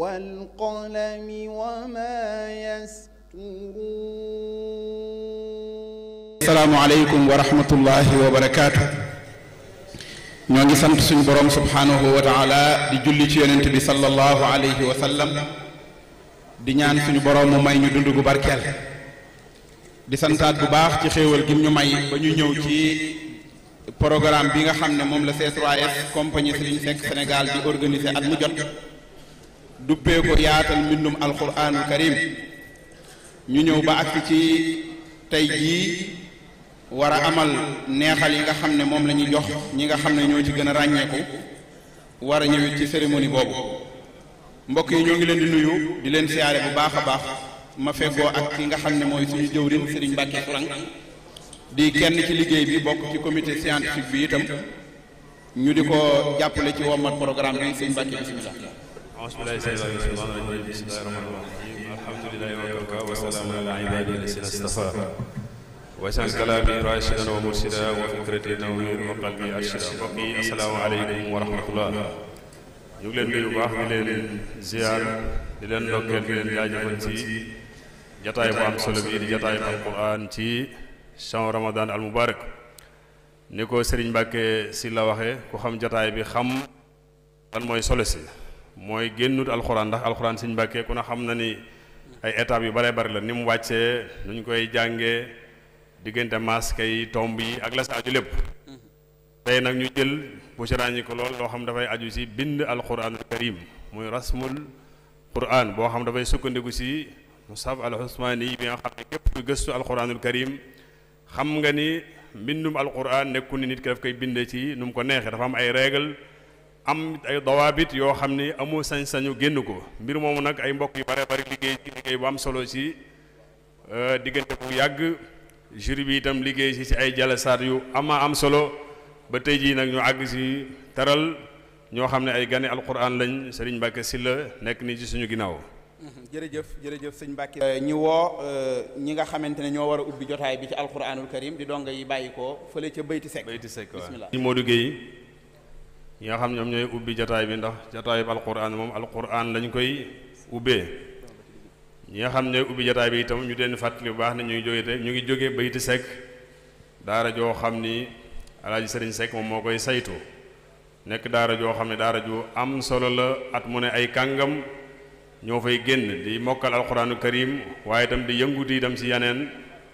والقلم وما يسطرون asalaamaaleykum wa rahmatullahi wa barakaatu ñoo ngi sant suñu borom subhaanahu wa taala di julli ci yonent bi sallallahu alayhi wa sallam di ñaan suñu borom mu may ñu dund gu barkeel di santaat bu baax ci xéewal gim ñu may ba ñu ñëw ci programme bi nga xam ne moom la C3S compagnie Serigne Seck Sénégal di organiser at mu jot dubbee ko yaatal mbindum alquranul karim ñu ñëw ba agsi ci tey jii war a amal neexal yi nga xam ne moom la ñuy jox ñi nga xam ne ñoo ci gën a ràññeeku war a ñëwit ci cérémonie boobu mbokk yi ñoo ngi leen di nuyu di leen siyaare bu baax a baax ma feggoo ak ki nga xam ne mooy suñu jëwriñ Serigne Mbacke Sourang di kenn ci liggéey bi bokk ci comité scientifique bi itam ñu di ko jàppale ci wommat programme bi Serigne Mbacke bismillah أعوذ بالله السميع العليم من الشيطان الرجيم بسم الله الرحمن leen nuyu bu baax di leen ziar di leen ndokkeel di leen jaajëfal ci jataay bu am solo bi di jataay alquran ci champs ramadan al mubarak ni ko Serigne Mbacke si la waxe ku xam jataay bi xam lan mooy solo si mooy génnut alxuraan ndax alxuraan Sëñ Mbàkke ku ne xam na ni ay étapes yu bare bari la ni mu wàccee nu koy jànge diggante mask yi tomb yi ak la sa aju lépp tey nag ñu jël puccaraan yi ko lool loo xam dafay aju si bind alxuraanul karim muy rasmul quran boo xam dafay sukkandiku si mu al usmaani yi bi nga xam ne képp ku gëstu alxuraanul karim xam nga ni mbindum alxuraan nekku ni nit ki daf koy binde ci nu mu ko neexee dafa am ay règle am ay dawaabit yoo xam ne amoo sañ-sañu génn ko mbir moomu nag ay mbokk yu bare bari liggéey ci liggéey bu am solo si euh, diggante bu yàgg jury bi itam liggéey si si ay jalasaat yu ama am solo ba tey jii nag ñu àgg si taral ñoo xam ne ay gane alquran lañ Serigne si la nekk nii ci suñu ginnaaw. Mhm, jërëjëf jërëjëf sëñ Mbacke. Euh, ñu woo euh, ñi nga xamante ne ñoo war a ubbi jotaay bi ci alquranul karim di dong yi bàyyi ko fële ca Bayti Seck. Bayti Seck waaw bismillah Modou Guèye yi nga xam ñoom ñooy ubbi jataay bi ndax jataay bi alquran moom alquran lañ koy ubbee ñi nga xam ñooy ubbi jataay bi ñu leen fàttali bu baax ne ñu ngi jógee ñu ngi jógee bayti sekk daara joo xam ni alaaji sëriñ sekk moom moo koy saytu nekk daara joo xam ne daara ju am solo la at mu ne ay kàngam ñoo fay génn di mokkal alquraanu karim waaye itam di yënguti itam ci yeneen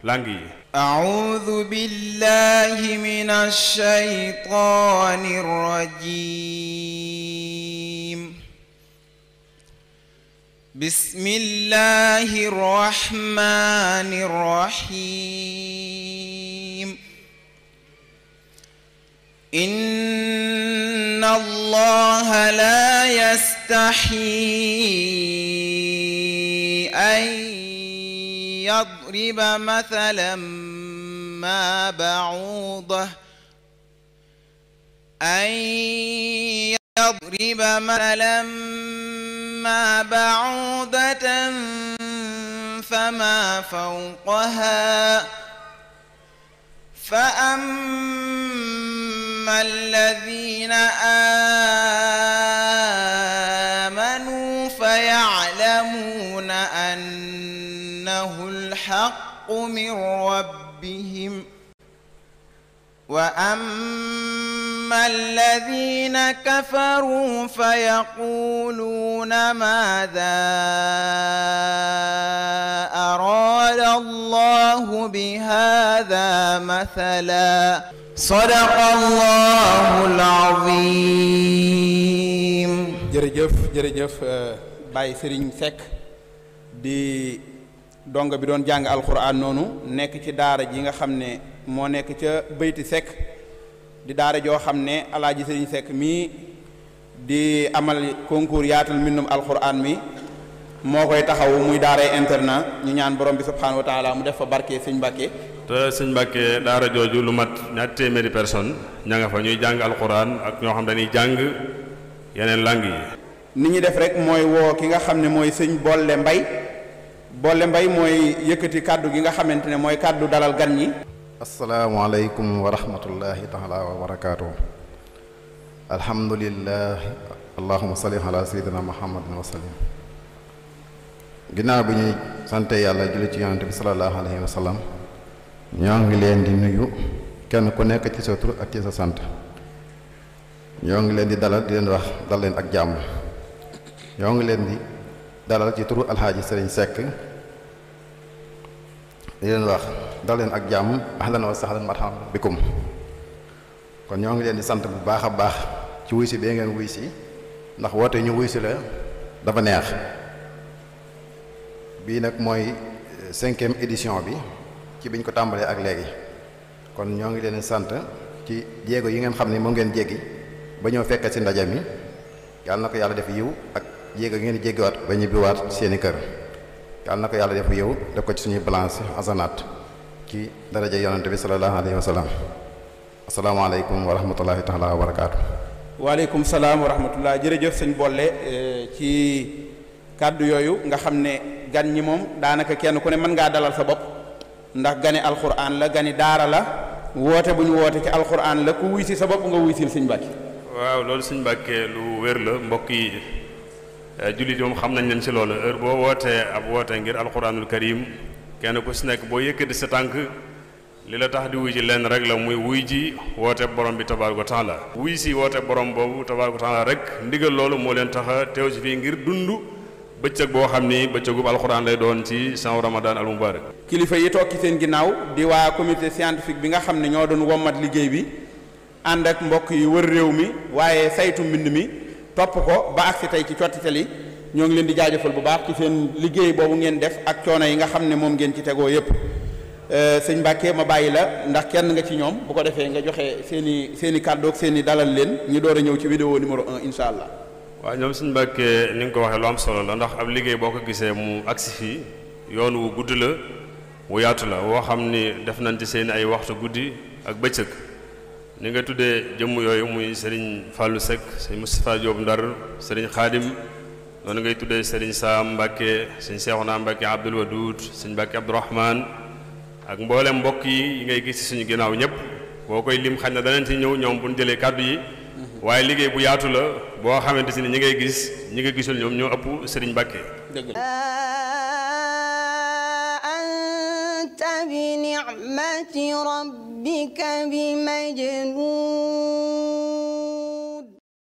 langue yi audu billahi min ash-shaytaani rajiim bismillahi rahmaani rahiim inna allaha la yastahi ليضرب مثلا ما بعوضة أن يضرب مثلا ما بعوضة فما فوقها فأما الذين آمنوا الحق من ربهم وأما الذين كفروا فيقولون ماذا أراد الله بهذا مثلا صدق الله العظيم jërëjëf jërëjëf Baye Serigne Seck di donga bi doon jàng alquran noonu nekk ci daara ji nga xam ne moo nekk ca bayti sekk di daara joo xam ne alaaji sëñ sekk mii di amal concours yaatal mbindum alquran mi moo koy taxawu muy daaray internat ñu ñaan borom bi subhaanahu wa taala mu def fa barke sëñ Mbàkke te sëñ Mbàkke daara jooju lu mat ñaar téeméeri personne ña nga fa ñuy jàng alquran ak ñoo xam dañuy jàng yeneen langue yi ni ñu def rek mooy woo ki nga xam ne mooy sëñ Bolle Mbay boole mbay mooy yëkkati kàddu gi nga xamante ne mooy kàddu dalal gan ñi. asalaamaaleykum wa rahmatullahi taala wa barakaatu. alhamdulilah. allahuma salli ala sayyidina muhammadin wa sallim. ginnaaw bi ñuy sante yàlla julli ci yonante bi sallallahu alayhi wa sallam. ñoo ngi leen di nuyu kenn ku nekk ci sa tur ak ci sa sant. ñoo ngi leen di dalal di leen wax dal leen ak jàmm. ñoo ngi leen di. dalal ci turu alxaaji sëriñ sekk di leen wax dal leen ak jàmm ahlan wa sahlan marhaban bikum kon ñoo ngi leen di sant bu baax a baax ci wuy si bee ngeen wuy si ndax woote ñu wuy si la dafa neex bii nag mooy eh, cinquième édition bi ci biñ ko tàmbalee ak léegi kon ñoo ngi leen di sant ci jéego yi ngeen xam ne moom ngeen jéggi ba ñëw fekk si ndaje mi yàlla na ko yàlla def yiw ak jéego ngeen di jéggiwaat ba ñibbiwaat seeni kër na ko yàlla def yow def ko ci suñuy balance asanaat ci daraja yonante bi sallallahu alayhi wa sallam asalaamaaleykum wa rahmatullahi taala wa barakaatu. waaleykum salaam wa rahmatullah jërëjëf sëñ Bolle eh, ci kàddu yooyu nga xam ne gan ñi moom daanaka kenn ku ne mën ngaa dalal sa bopp ndax gane alquran la gani daara la woote bu ñu woote ci alquran la ku wuy si sa bopp nga wuy sil sëñ Mbàkke waaw loolu sëñ Mbàkke lu wér la mbokk yi. Eh, jullit yi moom xam nañ leen si loolu heure boo wootee ab woote ngir alquranul karim kenn ku si nekk boo yëkkati sa tànk li la tax di wuy ji lenn rek la muy wuy ji woote borom bi tabaaraka taala wuy si woote borom boobu tabaaraka taala rek ndigal loolu moo leen tax a teew si fii ngir dundu bëccëg boo xam ni bëccëgub alxuraan lay doon ci san ramadan al mubarak kilifa yi toog ci seen ginnaaw di waa comité scientifique bi nga xam ne ñoo doon wommat liggéey bi ànd ak mbokk yi wër réew mi waaye saytu mbind mi topp ko ba agsi tey ci cottitali ñoo ngi leen di jaajëfal bu baax ci seen liggéey boobu ngeen def ak coono yi nga xam ne moom ngeen ci tegoo yëpp euh, sëñ Mbàkke ma bàyyi la ndax kenn nga ci ñoom bu ko defee nga joxe seen i seeni i kàddu dalal leen ñi door a ñëw ci vidéo numéro un incha allah. waaw ñoom sëñ Mbàkke ni nga ko waxee lu am solo la ndax ab liggéey boo ko gisee mu agsi fii yoon wu gudd la wu la woo xam ni def nañ ci seen ay waxtu guddi ak bëccëg. ni nga tuddee jëmm yooyu muy sëriñ Fallou Seck sëriñ Moustapha Diop Ndar sëriñ Khadim noonu ngay tuddee sëriñ Saam Mbacke sëriñ Cheikhouna Mbacke Abdoul Wadoud sëriñ Mbacke Abdourahman ak mboolem mbokk yi ngay gis ci suñu ginnaaw ñëpp boo koy lim xañ na danañ ci ñëw ñoom bu ñu jëlee kàddu yi waaye liggéey bu yaatu la boo xamante si ni ñu ngay gis ñu nga gisul ñoom ñoo ëpp sëriñ Mbacke. بنعمة ربك بمجنون